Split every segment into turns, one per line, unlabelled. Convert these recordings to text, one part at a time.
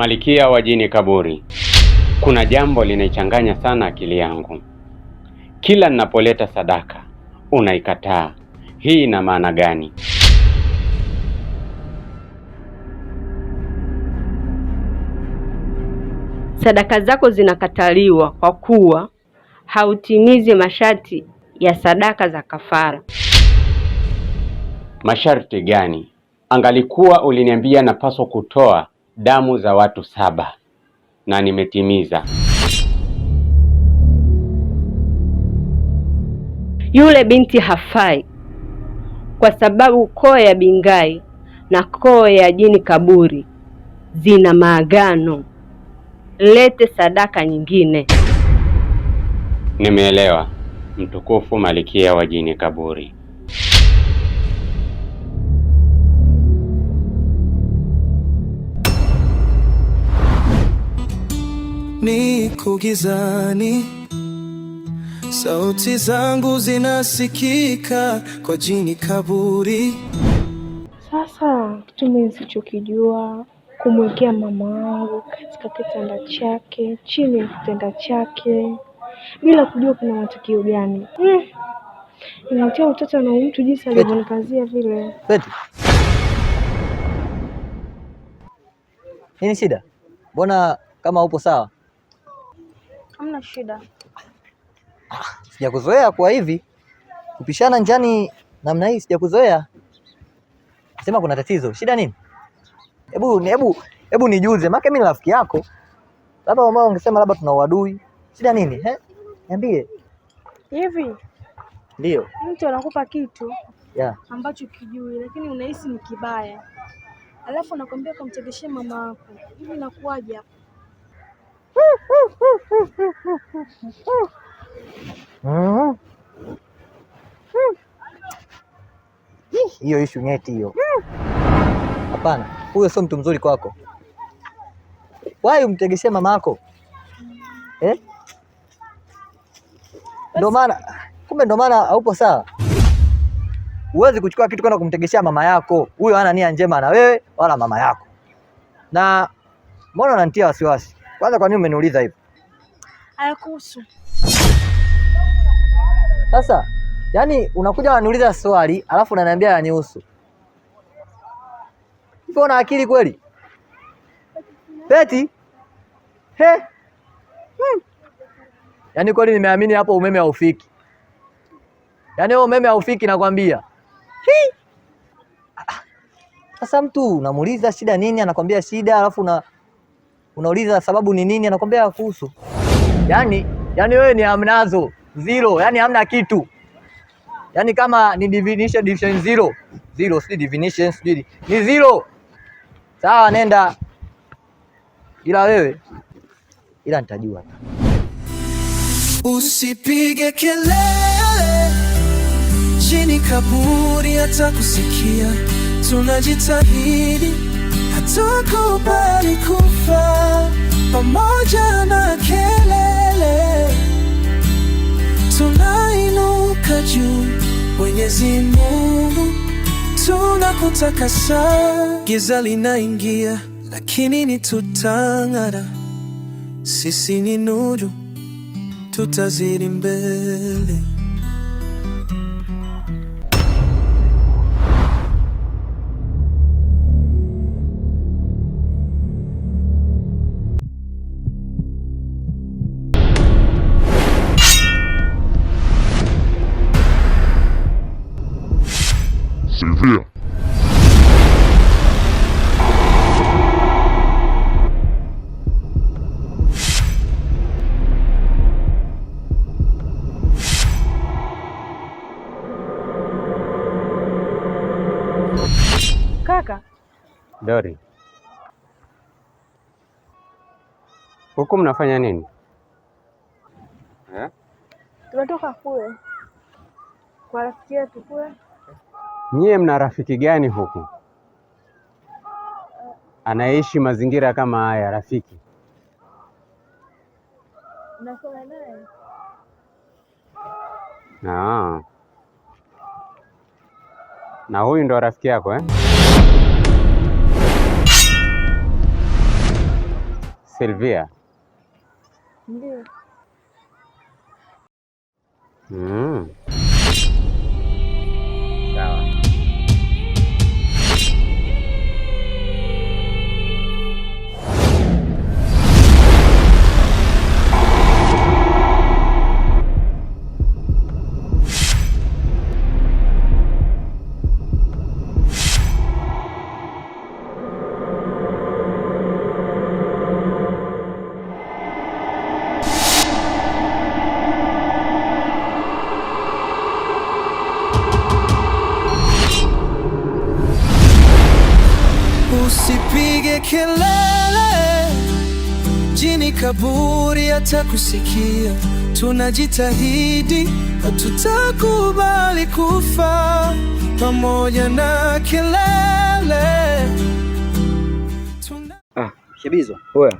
Malikia wa jini kaburi, kuna jambo linaichanganya sana akili yangu. Kila ninapoleta sadaka unaikataa. Hii ina maana gani? Sadaka zako zinakataliwa kwa kuwa hautimizi masharti ya sadaka za kafara.
Masharti gani? Angalikuwa uliniambia napaswa kutoa damu za watu saba na nimetimiza.
Yule binti hafai kwa sababu koo ya Bingai na koo ya jini kaburi zina maagano. Lete sadaka nyingine.
Nimeelewa, mtukufu malikia wa jini kaburi.
niko gizani, sauti zangu zinasikika kwa jini kaburi. Sasa kitu mimi kumwekea mama wangu katika kitanda chake, chini ya kitanda chake, bila kujua kuna matukio gani. Hmm. Inatia utata na mtu jinsi alivyonikazia vile.
Nini shida? Mbona kama upo sawa? Hamna shida. Sijakuzoea kwa hivi kupishana njani namna hii, sijakuzoea. Sema kuna tatizo, shida nini? Hebu hebu hebu nijuze, maana mimi rafiki yako, labda ambao ungesema labda tuna uadui, shida nini? Eh, niambie hivi. Ndio
mtu anakupa kitu yeah, ambacho kijui, lakini unahisi ni kibaya, alafu nakwambia kumtegeshea mama yako hivi, nakuaje hapo?
hiyo ishu nyeti hiyo. Hapana, huyo sio mtu mzuri kwako. Wai umtegeshe mama yako eh? Ndo maana kumbe, ndo maana haupo sawa. Huwezi kuchukua kitu kwenda kumtegeshea mama yako. Huyo hana nia njema na wewe wala mama yako, na mbona unanitia wasiwasi? Kwanza kwa nini umeniuliza hivyo?
Hayakuhusu.
Sasa, yani unakuja unaniuliza swali, alafu unaniambia yanihusu. Hivi una akili kweli? Beti? He? Hmm. Yaani kweli nimeamini hapo umeme haufiki. Yaani wewe umeme haufiki nakwambia. Ah, ah. Sasa mtu unamuuliza shida nini, anakwambia shida, alafu na Unauliza sababu ni nini, anakwambia kuhusu yani, yani wewe ni amnazo zero, yani hamna kitu yani kama ni definition, definition zero zero, si definition, sijui ni zero. Sawa, nenda, ila wewe, ila nitajua. Usipige kelele chini, kaburi hata kusikia, tunajitahidi hatukubali kufa pamoja na kelele, tunainuka juu. Mwenyezi Mungu, tunakutakasa. Giza linaingia, lakini ni tutang'ara. Sisi ni nuru, tutazidi mbele. Dori, huku mnafanya nini? Eh?
Tunatoka kule kwa rafiki yetu kule.
Nyie mna rafiki gani huku anaishi mazingira kama haya? Rafiki
nasoma naye.
Na, ah. na huyu ndo rafiki yako eh? Silvia. Mm. hawatakusikia. Tunajitahidi, hatutakubali kufa pamoja na kelele. Ah, Shabizo, wewe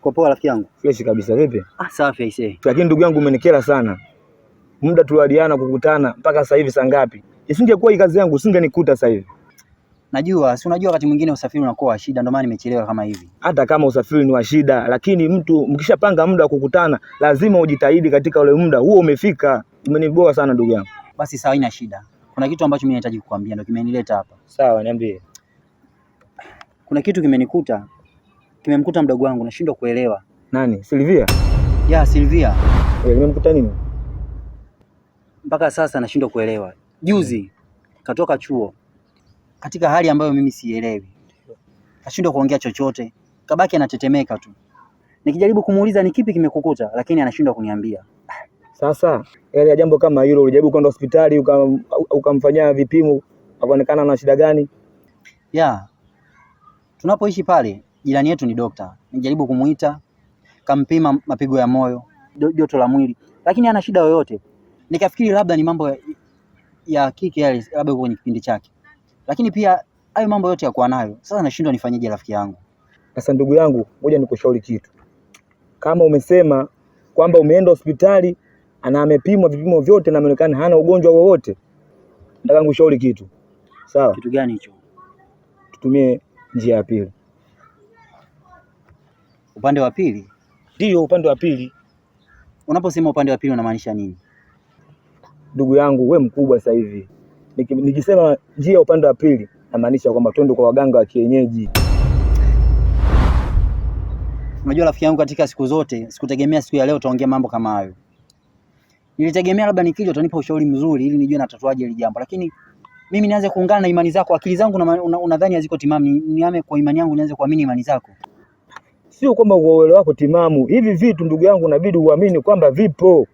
Kwa poa rafiki yangu.
Fresh kabisa vipi?
Ah, safi aisee. Eh.
Lakini ndugu yangu umenikera sana. Muda tuliwadiana kukutana mpaka sasa hivi saa ngapi? Isingekuwa hii kazi yangu usingenikuta sasa hivi.
Najua, si unajua wakati mwingine usafiri unakuwa wa shida, ndio maana nimechelewa kama hivi.
Hata kama usafiri ni wa shida, lakini mtu mkishapanga muda wa kukutana, lazima ujitahidi katika ule muda huo umefika. Umeniboa sana ndugu yangu.
Basi sawa, ina shida. Kuna kitu ambacho mimi nahitaji kukuambia ndio kimenileta hapa.
Sawa, niambie.
Kuna kitu kimenikuta, kimemkuta mdogo wangu, nashindwa kuelewa.
Nani? Silvia?
Ya, Silvia.
Eh, nimemkuta nini?
Mpaka sasa nashindwa kuelewa. Juzi katoka chuo katika hali ambayo mimi sielewi. Kashindwa kuongea chochote, kabaki anatetemeka tu. Nikijaribu kumuuliza ni kipi kimekukuta, lakini anashindwa kuniambia.
Sasa ile jambo kama hilo, ulijaribu kwenda hospitali ukamfanyia vipimo akaonekana na shida gani?
ya Tunapoishi pale jirani yetu ni dokta, nijaribu kumuita, kampima mapigo ya moyo, joto la mwili, lakini ana shida yoyote. Nikafikiri labda ni mambo ya, ya kike yale, labda kwenye kipindi chake lakini pia hayo mambo yote yakuwa nayo. Sasa nashindwa nifanyeje rafiki yangu?
Sasa ndugu yangu, ngoja nikushauri kitu. Kama umesema kwamba umeenda hospitali na amepimwa vipimo vyote na ameonekana hana ugonjwa wowote, nataka nikushauri kitu. Sawa? Kitu gani hicho? Tutumie njia ya pili.
Upande wa pili?
Ndio, upande wa pili.
Unaposema upande wa pili unamaanisha nini?
Ndugu yangu, we mkubwa sasa hivi Nikisema njia upande wa pili, namaanisha kwamba twende kwa waganga wa kienyeji.
Unajua rafiki yangu, katika siku zote sikutegemea siku ya leo utaongea mambo kama hayo. Nilitegemea labda nikija utanipa ushauri mzuri ili nijue natatuaje hili jambo, lakini mimi nianze kuungana na imani zako. Akili zangu unadhani haziko timamu, niame kwa imani yangu, nianze kuamini imani zako.
Sio kwamba kwa uelewa wako timamu hivi vitu, ndugu yangu, unabidi uamini kwamba vipo.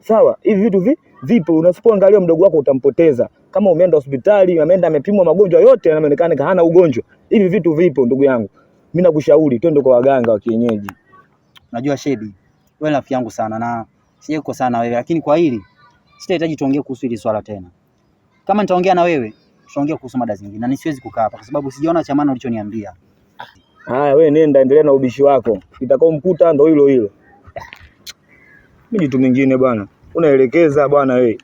Sawa, hivi vitu vi, vipo. Unasipoangalia mdogo wako utampoteza kama umeenda hospitali, ameenda amepimwa magonjwa yote yanaonekana hana ugonjwa. Hivi vitu vipo ndugu yangu. Mimi nakushauri twende kwa waganga wa kienyeji.
Najua Shedi, wewe rafiki yangu sana na sije sana wewe, lakini kwa hili sitahitaji tuongee kuhusu hili swala tena. Kama nitaongea na wewe, tutaongea kuhusu mada zingine, na nisiwezi kukaa hapa kwa sababu sijaona cha maana ulichoniambia.
Haya, wewe nenda endelea na ubishi wako, itakao ndo hilo hilo. Mimi kitu mwingine bwana, unaelekeza bwana wewe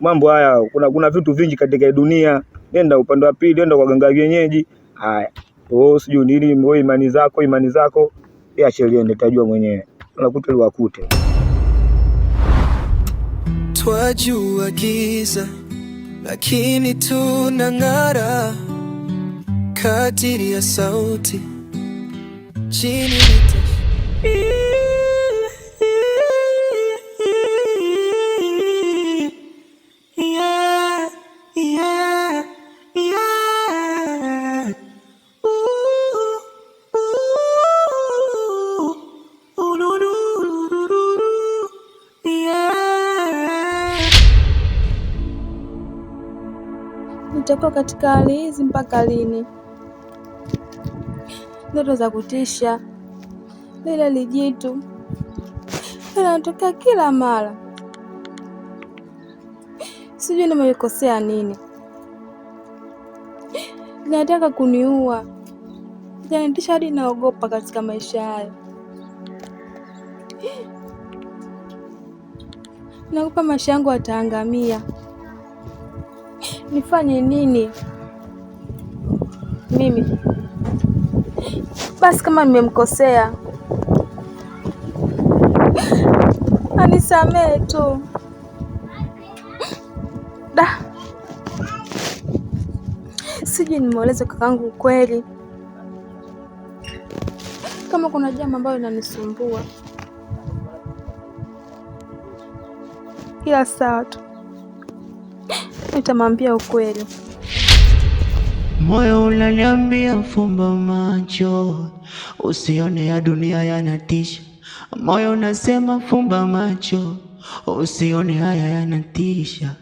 mambo haya. Kuna, kuna vitu vingi katika dunia. Nenda upande wa pili, nenda kwa ganga kienyeji. Haya, oh, sijui nini, wewe oh, imani zako, imani zako ya sheria nitajua mwenyewe, unakuta liwakute twajua giza lakini tunang'ara kadiri ya sauti chini
tutakuwa katika hali hizi mpaka lini? Ndoto za kutisha, lile lijitu linatokea kila mara, sijui nimekosea nini, linataka kuniua, linanitisha hadi naogopa katika maisha hayo. Naogopa maisha yangu ataangamia nifanye nini mimi? Basi kama nimemkosea anisamee tu. Da, sijui nimweleze kakaangu ukweli, kama kuna jambo ambayo inanisumbua, ila sawa tu nitamwambia ukweli. Moyo unaniambia fumba macho, usione ya dunia yanatisha. Moyo unasema fumba macho, usione haya yanatisha,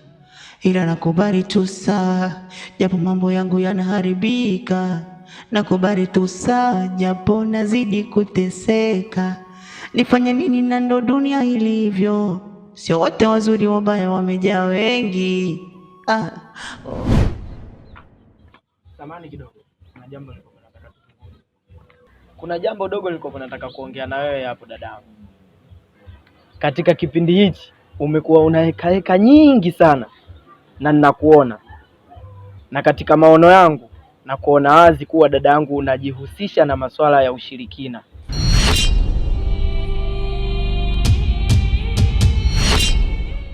ila nakubali tu saa, japo mambo
yangu yanaharibika. Nakubali tu saa, japo nazidi kuteseka. Nifanye nini? Na ndo dunia ilivyo, sio wote wazuri, wabaya wamejaa wengi. Ah. kidogo. Kuna jambo nataka Kuna jambo dogo liko nataka kuongea na wewe hapo dadangu. Katika kipindi hichi umekuwa unahekaheka nyingi sana na ninakuona, na katika maono yangu na kuona wazi kuwa dada yangu unajihusisha na masuala ya ushirikina.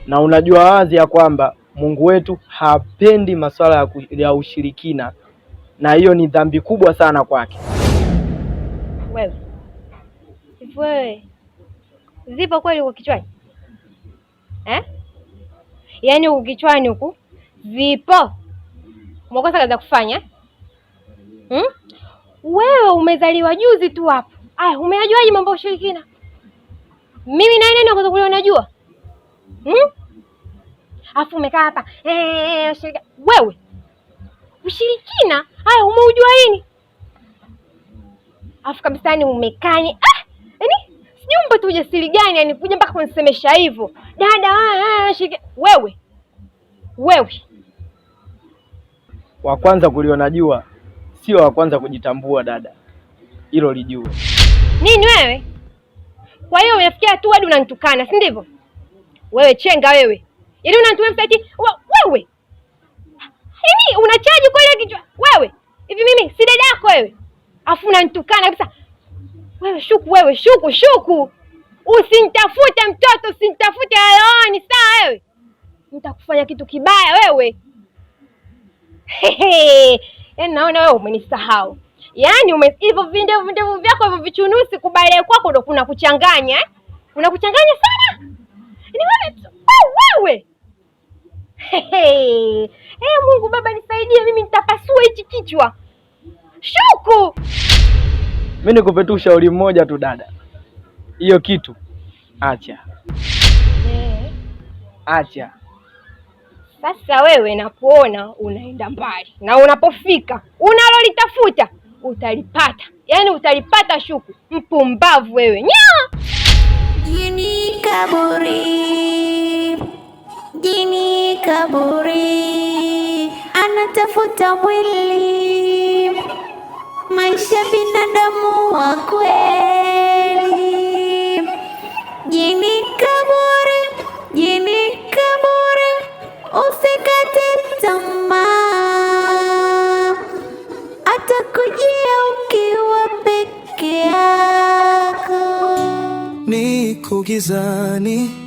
Na unajua wazi ya kwamba Mungu wetu hapendi masuala ya ushirikina, na hiyo ni dhambi kubwa sana kwake.
Wewe wewe, zipo kweli kwa kichwani eh? Yaani huku kichwani huku zipo, umekosa kaza kufanya hmm? Wewe umezaliwa juzi tu hapo, aya, umeyajuaje mambo ya ushirikina? Mimi na nani kwanza unajua hmm? afu umekaa hapa eh, wewe, ushirikina haya umeujua nini? Afu kabisa yaani ni umekanye ah, yani sijui umbe tu ujasiri gani yani kuja mpaka kunisemesha hivyo dada. Ah, ah, ah, shirika wewe, wewe
wa kwanza kuliona jua, sio wa kwanza kujitambua dada, hilo lijue.
Nini wewe? Kwa hiyo unafikia tu hadi unanitukana, si ndivyo? Wewe chenga wewe Yaani unatumia website wewe? Yaani unachaji kwa ile kichwa wewe? Hivi mimi si dada yako wewe? Afu unanitukana kabisa. Wewe shuku wewe shuku shuku. Usinitafute mtoto, usinitafute halaoni sawa wewe? Nitakufanya kitu kibaya wewe. Yaani naona wewe umenisahau. Yaani ume hivyo vinde vinde vyako hivyo vichunusi kubalia kwako ndo kuna kuchanganya eh? Unakuchanganya sana. Ni wewe Oh, wewe. Hey, hey. Hey, eh, Mungu Baba nisaidie mimi nitapasua hichi kichwa. Shuku.
Mimi nikupe tu ushauri mmoja tu dada. Hiyo kitu acha. Hey. Eh. Acha.
Sasa wewe nakuona unaenda mbali na unapofika unalolitafuta utalipata, yaani utalipata. Shuku mpumbavu wewe, nyaa jini kaburi Jini kaburi anatafuta mwili, maisha binadamu wa kweli. Jini kaburi, jini kaburi, usikate tamaa, atakujia ukiwa peke yako. Niko gizani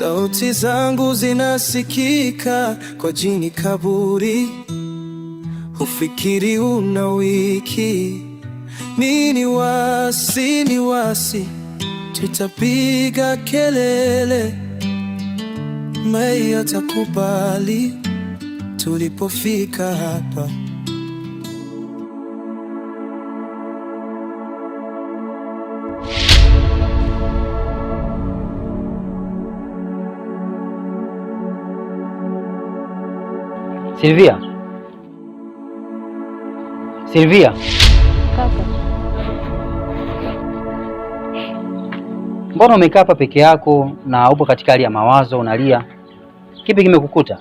Sauti zangu zinasikika kwa jini kaburi, hufikiri una wiki. Nini wasi ni wasi, tutapiga kelele, Mei atakubali tulipofika hapa. Silvia. Silvia. Kaka. Mbona umekaa hapa peke yako na upo katika hali ya mawazo unalia? Kipi kimekukuta?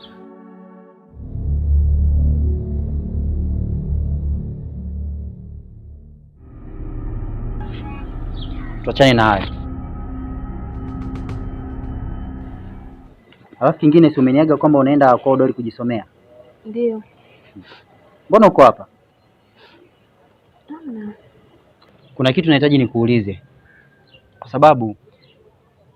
Tuachane na hayo. alafu kingine si umeniaga kwamba unaenda kwa Odori kujisomea? Ndio. Mbona uko hapa? Kuna kitu nahitaji nikuulize, kwa sababu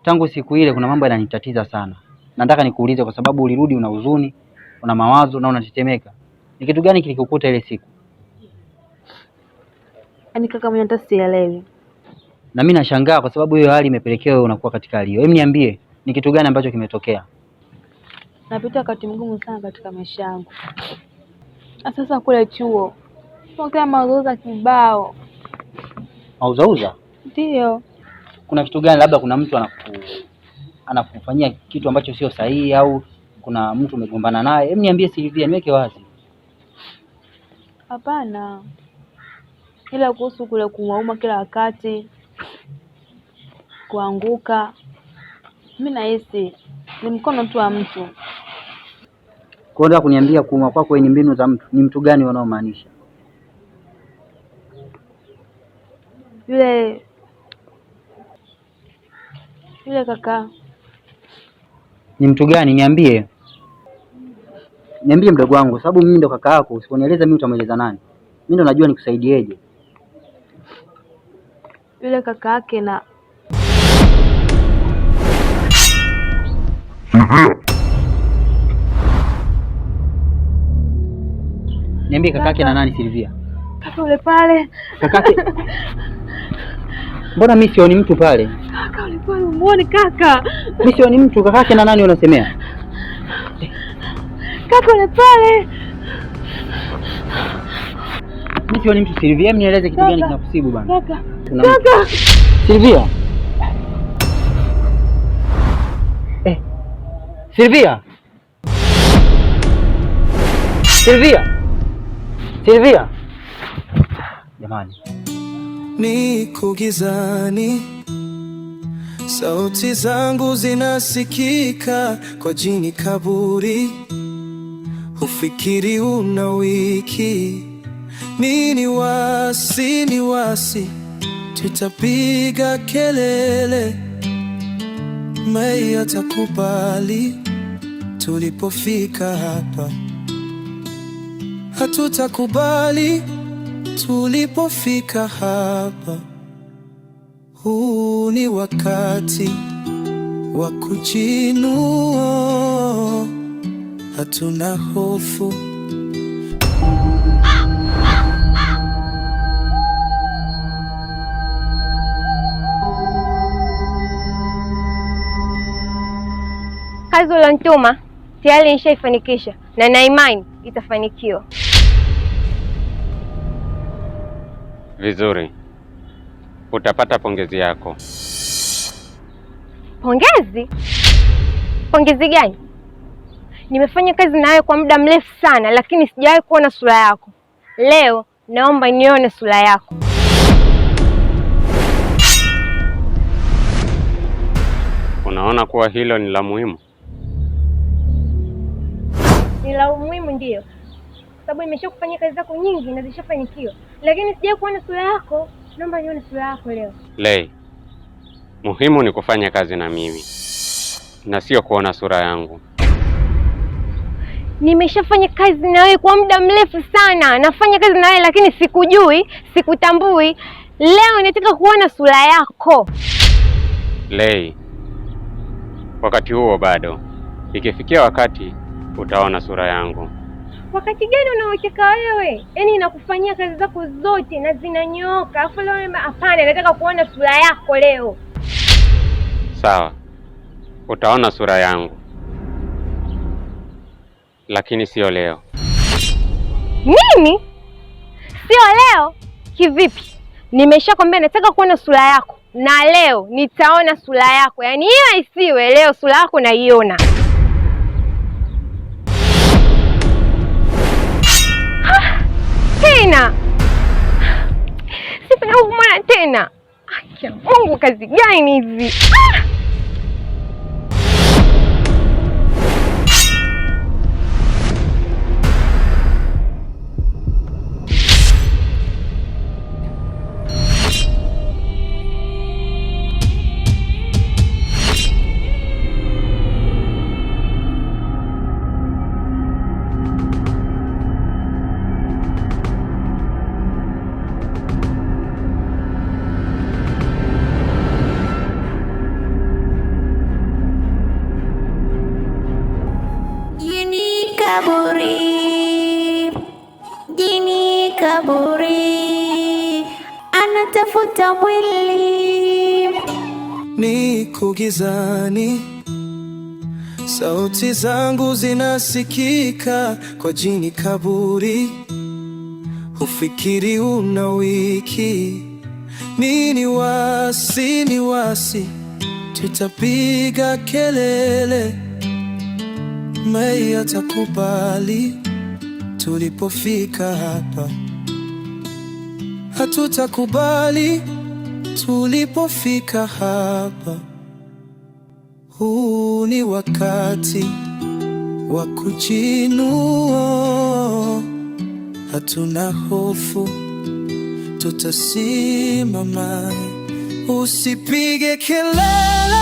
tangu siku ile kuna mambo yananitatiza sana. Nataka nikuulize, kwa sababu ulirudi una huzuni, una mawazo na unatetemeka. Ni kitu gani kilikukuta ile siku?
Yaani kaka mimi hata sielewi.
Na mimi nashangaa kwa sababu hiyo hali imepelekea wewe unakuwa katika hali hiyo. Hebu niambie, ni kitu gani ambacho kimetokea?
napitia wakati mgumu sana katika maisha yangu. Na sasa kule chuo tokea mauzauza kibao. Mauzauza ndio.
Kuna kitu gani? Labda kuna mtu anaku anakufanyia kitu ambacho sio sahihi, au kuna mtu umegombana naye? Hebu niambie Silvia, niweke wazi.
Hapana, ila kuhusu kule kumauma kila wakati, kuanguka mi nahisi ni mkono tu wa mtu.
Kwa hiyo kuniambia kuumwa kwako ni mbinu za mtu, ni mtu gani wanaomaanisha?
Yule yule kaka
ni mtu gani? Niambie, niambie mdogo wangu, sababu mimi ndo kaka yako. Usiponieleza mimi utamweleza nani? Mimi ndo najua nikusaidieje.
Yule kaka yake na
Niambie kakake na nani Silvia?
Kaka ule pale.
Kakake. Mbona mimi sioni mtu pale?
Kaka ule pale, muone kaka.
Mimi sioni mtu, kakake na nani unasemea?
Kaka ule pale.
Mimi sioni mtu Silvia, mnieleze kitu gani kinakusibu bana?
Kaka.
Silvia. Silvia. Silvia. Silvia. Jamani. Niko gizani, sauti zangu zinasikika kwa jini kaburi, hufikiri una wiki nini wasi ni wasi, tutapiga kelele, Mei atakubali tulipofika hapa,
hatutakubali tulipofika hapa. Huu ni wakati wa kujinua, hatuna hofu. Kazi uliyontuma tayari nishaifanikisha na na imani itafanikiwa
vizuri. Utapata pongezi yako.
Pongezi? Pongezi gani? Nimefanya kazi na wewe kwa muda mrefu sana, lakini sijawahi kuona sura yako. Leo naomba nione sura yako.
Unaona kuwa hilo ni la muhimu?
ni la umuhimu, ndio kwa sababu imesha kufanyia kazi zako nyingi na zishafanikiwa, lakini sijai kuona sura yako. Naomba nione sura yako leo.
Lei, muhimu ni kufanya kazi na mimi na sio kuona sura yangu.
Nimeshafanya kazi na wewe kwa muda mrefu sana, nafanya kazi na wewe lakini sikujui, sikutambui. Leo nataka kuona sura yako
Lei. Wakati huo bado, ikifikia wakati utaona sura yangu.
Wakati gani unaocheka wewe? Yaani inakufanyia kazi zako zote na zinanyoka, afu leo hapana, nataka kuona sura yako leo.
Sawa, utaona sura yangu, lakini sio leo.
Mimi sio leo? Kivipi? Nimeshakwambia nataka kuona sura yako, na leo nitaona sura yako. Yaani hiyo isiwe leo, sura yako naiona. tena, sipenda kumwona tena. Akia Mungu, kazi gani hivi? Ah! hata mwili. Niko gizani,
sauti zangu zinasikika kwa jini kaburi, hufikiri una wiki nini wasi ni wasi, tutapiga kelele, Mei atakubali. Tulipofika hapa hatutakubali Tulipofika hapa, huu ni wakati wa kujinua. Hatuna hofu, tutasimama. Usipige kelele,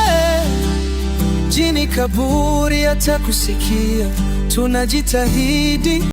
jini kaburi hatakusikia. Tunajitahidi.